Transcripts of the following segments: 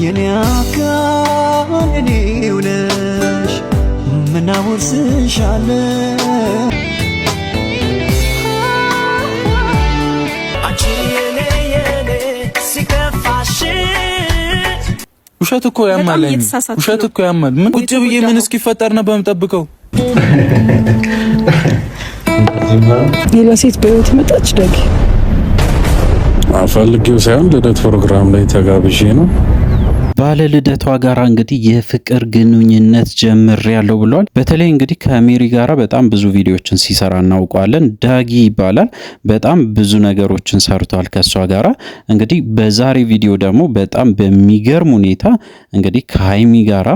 የኔ አካል እኔው ነሽ ምናወርስሻለ ውሸት እኮ ያማል። ውሸት እኮ ያማል። ምን ቁጭ ብዬ ምን እስኪፈጠር ነው በምጠብቀው? ሌላ ሴት በህይወት መጣች። ደግ አፈልጌው ሳይሆን ልደት ፕሮግራም ላይ ተጋብዤ ነው ባለ ልደቷ ጋራ እንግዲህ የፍቅር ግንኙነት ጀምር ያለው ብሏል። በተለይ እንግዲህ ከሜሪ ጋራ በጣም ብዙ ቪዲዮዎችን ሲሰራ እናውቀዋለን። ዳጊ ይባላል። በጣም ብዙ ነገሮችን ሰርቷል ከእሷ ጋራ። እንግዲህ በዛሬ ቪዲዮ ደግሞ በጣም በሚገርም ሁኔታ እንግዲህ ከሀይሚ ጋራ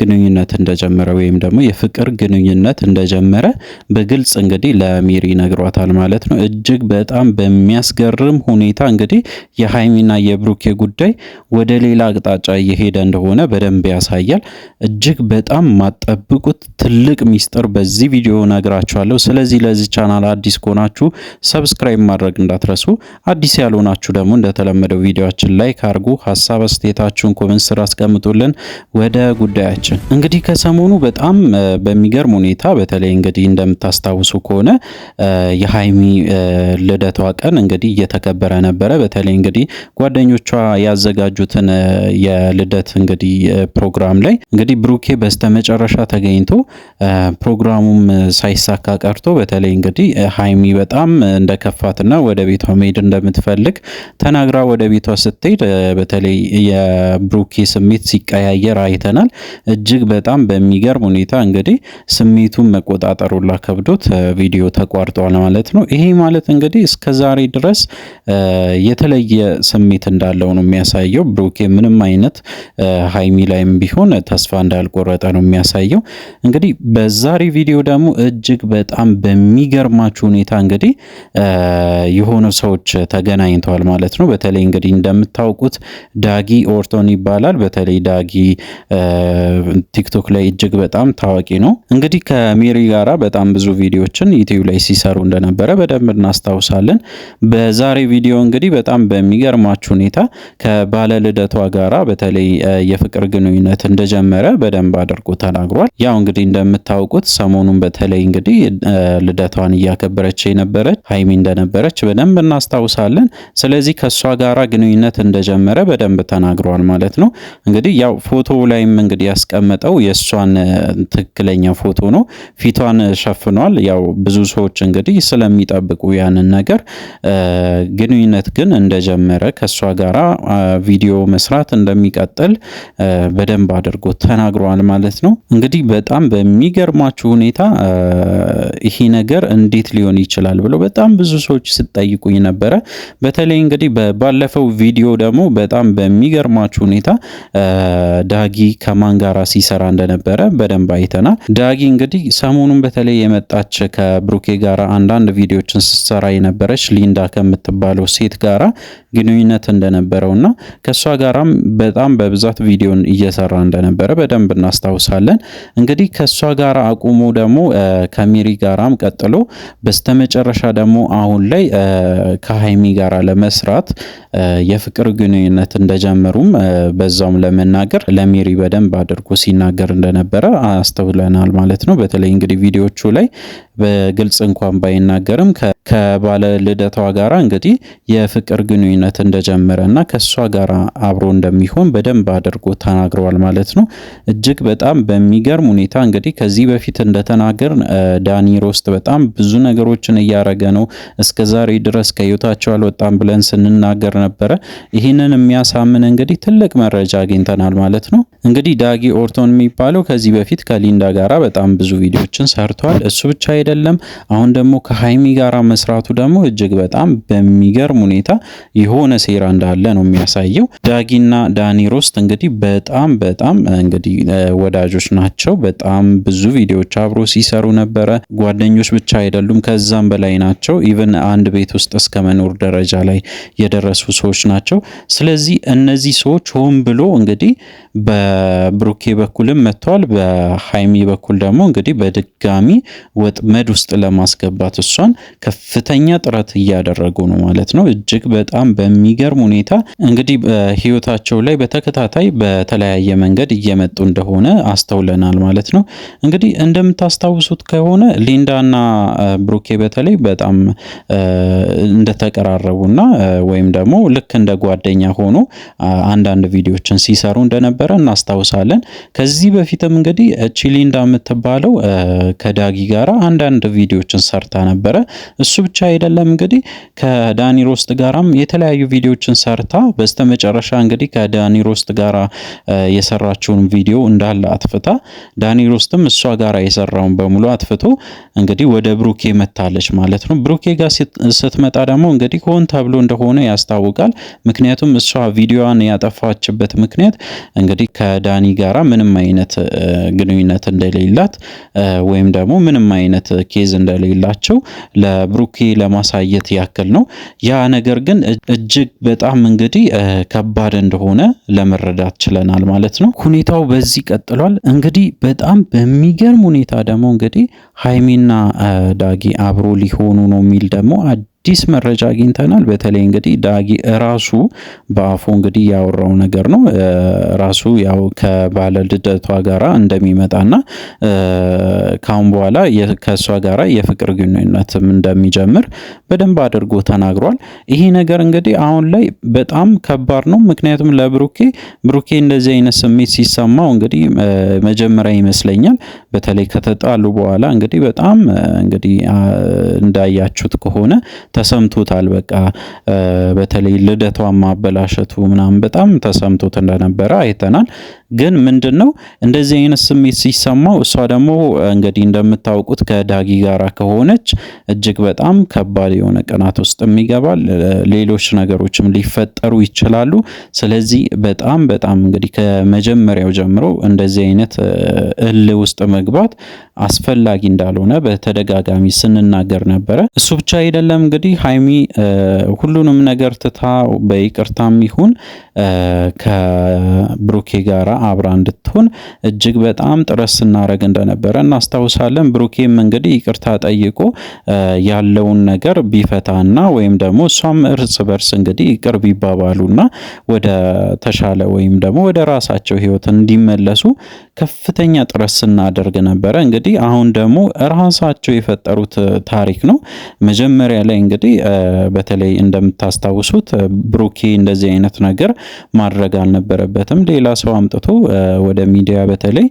ግንኙነት እንደጀመረ ወይም ደግሞ የፍቅር ግንኙነት እንደጀመረ በግልጽ እንግዲህ ለሚሪ ነግሯታል ማለት ነው። እጅግ በጣም በሚያስገርም ሁኔታ እንግዲህ የሀይሚና የብሩኬ ጉዳይ ወደ ሌላ አቅጣጫ እየሄደ እንደሆነ በደንብ ያሳያል። እጅግ በጣም ማጠብቁት ትልቅ ሚስጥር በዚህ ቪዲዮ ነግራችኋለሁ። ስለዚህ ለዚህ ቻናል አዲስ ከሆናችሁ ሰብስክራይብ ማድረግ እንዳትረሱ፣ አዲስ ያልሆናችሁ ደግሞ እንደተለመደው ቪዲዮችን ላይክ አድርጉ፣ ሀሳብ አስተያየታችሁን ኮመንት ስር አስቀምጡልን። ወደ ጉዳያ ውጭ እንግዲህ ከሰሞኑ በጣም በሚገርም ሁኔታ በተለይ እንግዲህ እንደምታስታውሱ ከሆነ የሀይሚ ልደቷ ቀን እንግዲህ እየተከበረ ነበረ። በተለይ እንግዲህ ጓደኞቿ ያዘጋጁትን የልደት እንግዲህ ፕሮግራም ላይ እንግዲህ ብሩኬ በስተመጨረሻ ተገኝቶ ፕሮግራሙም ሳይሳካ ቀርቶ በተለይ እንግዲህ ሀይሚ በጣም እንደከፋትና ወደ ቤቷ መሄድ እንደምትፈልግ ተናግራ ወደ ቤቷ ስትሄድ በተለይ የብሩኬ ስሜት ሲቀያየር አይተናል። እጅግ በጣም በሚገርም ሁኔታ እንግዲህ ስሜቱን መቆጣጠሩ ላከብዶት ቪዲዮ ተቋርጧል ማለት ነው። ይሄ ማለት እንግዲህ እስከ ዛሬ ድረስ የተለየ ስሜት እንዳለው ነው የሚያሳየው። ብሩኬ ምንም አይነት ሀይሚ ላይም ቢሆን ተስፋ እንዳልቆረጠ ነው የሚያሳየው። እንግዲህ በዛሬ ቪዲዮ ደግሞ እጅግ በጣም በሚገርማችሁ ሁኔታ እንግዲህ የሆኑ ሰዎች ተገናኝተዋል ማለት ነው። በተለይ እንግዲህ እንደምታውቁት ዳጊ ኦርቶን ይባላል። በተለይ ዳጊ ቲክቶክ ላይ እጅግ በጣም ታዋቂ ነው። እንግዲህ ከሜሪ ጋራ በጣም ብዙ ቪዲዮዎችን ዩቲዩብ ላይ ሲሰሩ እንደነበረ በደንብ እናስታውሳለን። በዛሬ ቪዲዮ እንግዲህ በጣም በሚገርማችሁ ሁኔታ ከባለ ልደቷ ጋራ በተለይ የፍቅር ግንኙነት እንደጀመረ በደንብ አድርጎ ተናግሯል። ያው እንግዲህ እንደምታውቁት ሰሞኑን በተለይ እንግዲህ ልደቷን እያከበረች የነበረች ሀይሚ እንደነበረች በደንብ እናስታውሳለን። ስለዚህ ከእሷ ጋራ ግንኙነት እንደጀመረ በደንብ ተናግሯል ማለት ነው። እንግዲህ ያው ፎቶ ላይም እንግዲህ ያስቀመጠው የእሷን ትክክለኛ ፎቶ ነው። ፊቷን ሸፍኗል። ያው ብዙ ሰዎች እንግዲህ ስለሚጠብቁ ያንን ነገር ግንኙነት ግን እንደጀመረ ከእሷ ጋራ ቪዲዮ መስራት እንደሚቀጥል በደንብ አድርጎ ተናግሯል ማለት ነው። እንግዲህ በጣም በሚገርማችሁ ሁኔታ ይሄ ነገር እንዴት ሊሆን ይችላል ብሎ በጣም ብዙ ሰዎች ስጠይቁኝ ነበረ። በተለይ እንግዲህ ባለፈው ቪዲዮ ደግሞ በጣም በሚገርማችሁ ሁኔታ ዳጊ ከማን ሲሰራ እንደነበረ በደንብ አይተናል። ዳጊ እንግዲህ ሰሞኑን በተለይ የመጣች ከብሩኬ ጋራ አንዳንድ ቪዲዮችን ስትሰራ የነበረች ሊንዳ ከምትባለው ሴት ጋራ ግንኙነት እንደነበረው እና ከእሷ ጋራም በጣም በብዛት ቪዲዮን እየሰራ እንደነበረ በደንብ እናስታውሳለን። እንግዲህ ከእሷ ጋራ አቁሞ ደግሞ ከሚሪ ጋራም ቀጥሎ በስተመጨረሻ ደግሞ አሁን ላይ ከሀይሚ ጋራ ለመስራት የፍቅር ግንኙነት እንደጀመሩም በዛውም ለመናገር ለሚሪ በደንብ አድርጉ ሲናገር እንደነበረ አስተውለናል ማለት ነው። በተለይ እንግዲህ ቪዲዮቹ ላይ በግልጽ እንኳን ባይናገርም ከባለ ልደቷ ጋራ እንግዲህ የፍቅር ግንኙነት እንደጀመረ እና ከእሷ ጋር አብሮ እንደሚሆን በደንብ አድርጎ ተናግረዋል ማለት ነው። እጅግ በጣም በሚገርም ሁኔታ እንግዲህ ከዚህ በፊት እንደተናገር ዳኒ ሮስት በጣም ብዙ ነገሮችን እያረገ ነው፣ እስከ ዛሬ ድረስ ከህይወታቸው አልወጣም ብለን ስንናገር ነበረ። ይህንን የሚያሳምን እንግዲህ ትልቅ መረጃ አግኝተናል ማለት ነው። እንግዲህ ዳጊ ኦርቶን የሚባለው ከዚህ በፊት ከሊንዳ ጋራ በጣም ብዙ ቪዲዮችን ሰርቷል። እሱ ብቻ አይደለም፣ አሁን ደግሞ ከሀይሚ ጋራ መስራቱ ደግሞ እጅግ በጣም በሚገርም ሁኔታ የሆነ ሴራ እንዳለ ነው የሚያሳየው። ዳጊና ዳኒ ሮስት እንግዲህ በጣም በጣም እንግዲህ ወዳጆች ናቸው። በጣም ብዙ ቪዲዮዎች አብሮ ሲሰሩ ነበረ። ጓደኞች ብቻ አይደሉም፣ ከዛም በላይ ናቸው። ኢቨን አንድ ቤት ውስጥ እስከ መኖር ደረጃ ላይ የደረሱ ሰዎች ናቸው። ስለዚህ እነዚህ ሰዎች ሆን ብሎ እንግዲህ በብሩኬ በኩልም መጥተዋል። በሀይሚ በኩል ደግሞ እንግዲህ በድጋሚ ወጥመድ ውስጥ ለማስገባት እሷን ከፍተኛ ጥረት እያደረጉ ነው ማለት ነው። እጅግ በጣም በሚገርም ሁኔታ እንግዲህ በህይወታቸው ላይ በተከታታይ በተለያየ መንገድ እየመጡ እንደሆነ አስተውለናል ማለት ነው። እንግዲህ እንደምታስታውሱት ከሆነ ሊንዳና ብሩኬ በተለይ በጣም እንደተቀራረቡና ወይም ደግሞ ልክ እንደ ጓደኛ ሆኖ አንዳንድ ቪዲዮችን ሲሰሩ እንደነበረ እናስታውሳለን። ከዚህ በፊትም እንግዲህ ቺሊ እንደምትባለው ከዳጊ ጋራ አንዳንድ ቪዲዮችን ሰርታ ነበረ። እሱ ብቻ አይደለም እንግዲህ ከዳኒ ሮስት ጋራም የተለያዩ ቪዲዮችን ሰርታ በስተመጨረሻ እንግዲህ ከዳኒ ሮስት ጋራ የሰራችውን ቪዲዮ እንዳለ አትፍታ፣ ዳኒ ሮስትም እሷ ጋራ የሰራውን በሙሉ አትፍቶ እንግዲህ ወደ ብሩኬ መታለች ማለት ነው። ብሩኬ ጋር ስትመጣ ደግሞ እንግዲህ ሆን ተብሎ እንደሆነ ያስታውቃል። ምክንያቱም እሷ ቪዲዮዋን ያጠፋችበት ምክንያት እንግዲህ ከዳኒ ጋራ ምንም አይነት ግንኙነት እንደሌላት ወይም ደግሞ ምንም አይነት ኬዝ እንደሌላቸው ለብሩኬ ለማሳየት ያክል ነው። ያ ነገር ግን እጅግ በጣም እንግዲህ ከባድ እንደሆነ ለመረዳት ችለናል ማለት ነው። ሁኔታው በዚህ ቀጥሏል። እንግዲህ በጣም በሚገርም ሁኔታ ደግሞ እንግዲህ ሀይሚና ዳጊ አብሮ ሊሆኑ ነው የሚል ደግሞ አዲስ መረጃ አግኝተናል። በተለይ እንግዲህ ዳጊ ራሱ በአፉ እንግዲህ ያወራው ነገር ነው። ራሱ ያው ከባለ ልደቷ ጋራ እንደሚመጣና ካሁን በኋላ ከእሷ ጋራ የፍቅር ግንኙነትም እንደሚጀምር በደንብ አድርጎ ተናግሯል። ይሄ ነገር እንግዲህ አሁን ላይ በጣም ከባድ ነው። ምክንያቱም ለብሩኬ ብሩኬ እንደዚህ አይነት ስሜት ሲሰማው እንግዲህ መጀመሪያ ይመስለኛል በተለይ ከተጣሉ በኋላ እንግዲህ በጣም እንግዲህ እንዳያችሁት ከሆነ ተሰምቶታል። በቃ በተለይ ልደቷን ማበላሸቱ ምናምን በጣም ተሰምቶት እንደነበረ አይተናል። ግን ምንድን ነው እንደዚህ አይነት ስሜት ሲሰማው እሷ ደግሞ እንግዲህ እንደምታውቁት ከዳጊ ጋር ከሆነች እጅግ በጣም ከባድ የሆነ ቅናት ውስጥ የሚገባል። ሌሎች ነገሮችም ሊፈጠሩ ይችላሉ። ስለዚህ በጣም በጣም እንግዲህ ከመጀመሪያው ጀምሮ እንደዚህ አይነት እል ውስጥ መግባት አስፈላጊ እንዳልሆነ በተደጋጋሚ ስንናገር ነበረ። እሱ ብቻ አይደለም እንግዲህ ሀይሚ ሁሉንም ነገር ትታ በይቅርታም ይሁን ከብሩኬ ጋራ አብራ እንድትሆን እጅግ በጣም ጥረት ስናደረግ እንደነበረ እናስታውሳለን። ብሩኬም እንግዲህ ይቅርታ ጠይቆ ያለውን ነገር ቢፈታና ወይም ደግሞ እሷም እርስ በርስ እንግዲህ ይቅር ቢባባሉና ወደ ተሻለ ወይም ደግሞ ወደ ራሳቸው ህይወት እንዲመለሱ ከፍተኛ ጥረት ስናደርግ ነበረ እንግዲህ እንግዲህ አሁን ደግሞ ራሳቸው የፈጠሩት ታሪክ ነው። መጀመሪያ ላይ እንግዲህ በተለይ እንደምታስታውሱት ብሩኬ እንደዚህ አይነት ነገር ማድረግ አልነበረበትም። ሌላ ሰው አምጥቶ ወደ ሚዲያ በተለይ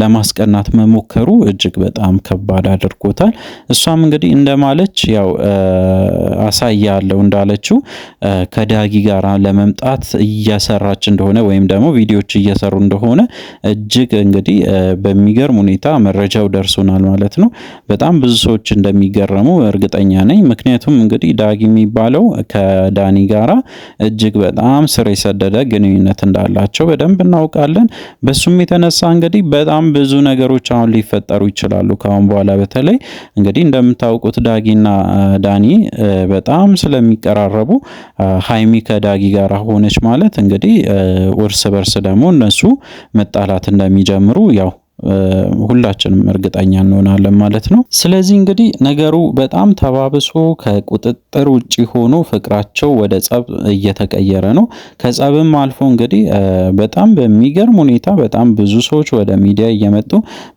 ለማስቀናት መሞከሩ እጅግ በጣም ከባድ አድርጎታል። እሷም እንግዲህ እንደማለች ያው አሳያለሁ እንዳለችው ከዳጊ ጋር ለመምጣት እያሰራች እንደሆነ ወይም ደግሞ ቪዲዮዎች እየሰሩ እንደሆነ እጅግ እንግዲህ በሚገርም ሁኔታ መረጃው ደርሶናል ማለት ነው። በጣም ብዙ ሰዎች እንደሚገረሙ እርግጠኛ ነኝ። ምክንያቱም እንግዲህ ዳጊ የሚባለው ከዳኒ ጋራ እጅግ በጣም ስር የሰደደ ግንኙነት እንዳላቸው በደንብ እናውቃለን። በሱም የተነሳ እንግዲህ በጣም ብዙ ነገሮች አሁን ሊፈጠሩ ይችላሉ ከአሁን በኋላ በተለይ እንግዲህ እንደምታውቁት ዳጊና ዳኒ በጣም ስለሚቀራረቡ ሀይሚ ከዳጊ ጋር ሆነች ማለት እንግዲህ እርስ በርስ ደግሞ እነሱ መጣላት እንደሚጀምሩ ያው ሁላችንም እርግጠኛ እንሆናለን ማለት ነው። ስለዚህ እንግዲህ ነገሩ በጣም ተባብሶ ከቁጥጥር ውጭ ሆኖ ፍቅራቸው ወደ ጸብ እየተቀየረ ነው። ከጸብም አልፎ እንግዲህ በጣም በሚገርም ሁኔታ በጣም ብዙ ሰዎች ወደ ሚዲያ እየመጡ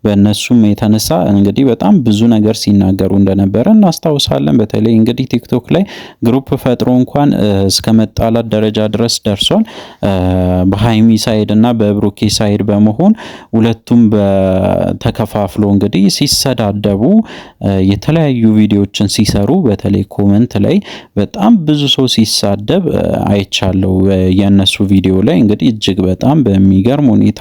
በእነሱም የተነሳ እንግዲህ በጣም ብዙ ነገር ሲናገሩ እንደነበረ እናስታውሳለን። በተለይ እንግዲህ ቲክቶክ ላይ ግሩፕ ፈጥሮ እንኳን እስከ መጣላት ደረጃ ድረስ ደርሷል። በሀይሚ ሳይድ እና በብሩኬ ሳይድ በመሆን ሁለቱም በ ተከፋፍሎ እንግዲህ ሲሰዳደቡ የተለያዩ ቪዲዮዎችን ሲሰሩ በተለይ ኮመንት ላይ በጣም ብዙ ሰው ሲሳደብ አይቻለው። የነሱ ቪዲዮ ላይ እንግዲህ እጅግ በጣም በሚገርም ሁኔታ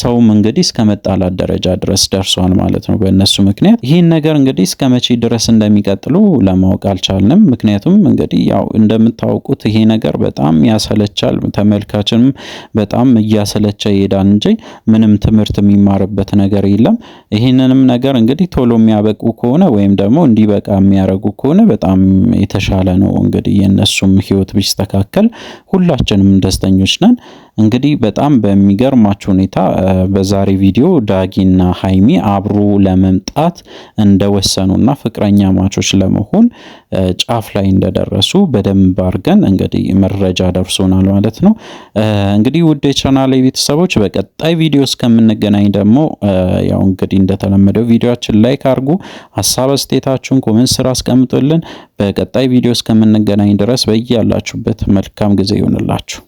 ሰውም እንግዲህ እስከ መጣላት ደረጃ ድረስ ደርሷል ማለት ነው በእነሱ ምክንያት። ይህን ነገር እንግዲህ እስከ መቼ ድረስ እንደሚቀጥሉ ለማወቅ አልቻልንም። ምክንያቱም እንግዲህ ያው እንደምታውቁት ይሄ ነገር በጣም ያሰለቻል፣ ተመልካችንም በጣም እያሰለቻ ይሄዳል እንጂ ምንም ትምህርት የሚማርበት የሚሆንበት ነገር የለም። ይህንንም ነገር እንግዲህ ቶሎ የሚያበቁ ከሆነ ወይም ደግሞ እንዲበቃ የሚያደርጉ ከሆነ በጣም የተሻለ ነው። እንግዲህ የእነሱም ህይወት ቢስተካከል ሁላችንም ደስተኞች ነን። እንግዲህ በጣም በሚገርማችሁ ሁኔታ በዛሬ ቪዲዮ ዳጊና ሀይሚ አብሮ ለመምጣት እንደወሰኑና ፍቅረኛ ማቾች ለመሆን ጫፍ ላይ እንደደረሱ በደንብ አድርገን እንግዲህ መረጃ ደርሶናል ማለት ነው። እንግዲህ ውድ የቻናሌ ቤተሰቦች በቀጣይ ቪዲዮ እስከምንገናኝ ደግሞ ያው እንግዲህ እንደተለመደው ቪዲዮችን ላይክ አድርጉ፣ ሀሳብ አስተያየታችሁን ኮሜንት ስራ አስቀምጡልን። በቀጣይ ቪዲዮ እስከምንገናኝ ድረስ በያላችሁበት መልካም ጊዜ ይሆንላችሁ።